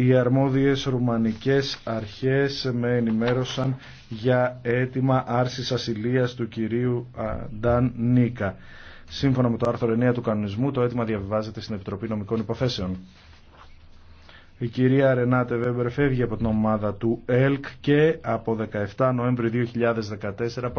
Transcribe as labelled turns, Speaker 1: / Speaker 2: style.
Speaker 1: οι αρμόδιες ρουμανικές αρχές με ενημέρωσαν για αίτημα άρσης ασυλίας του κυρίου Νταν Νίκα. Σύμφωνα με το άρθρο 9 του κανονισμού, το αίτημα διαβιβάζεται στην Επιτροπή Νομικών Υποθέσεων. Η κυρία Ρενάτε Βέμπερ φεύγει από την ομάδα του ΕΛΚ και από 17 Νοέμβρη 2014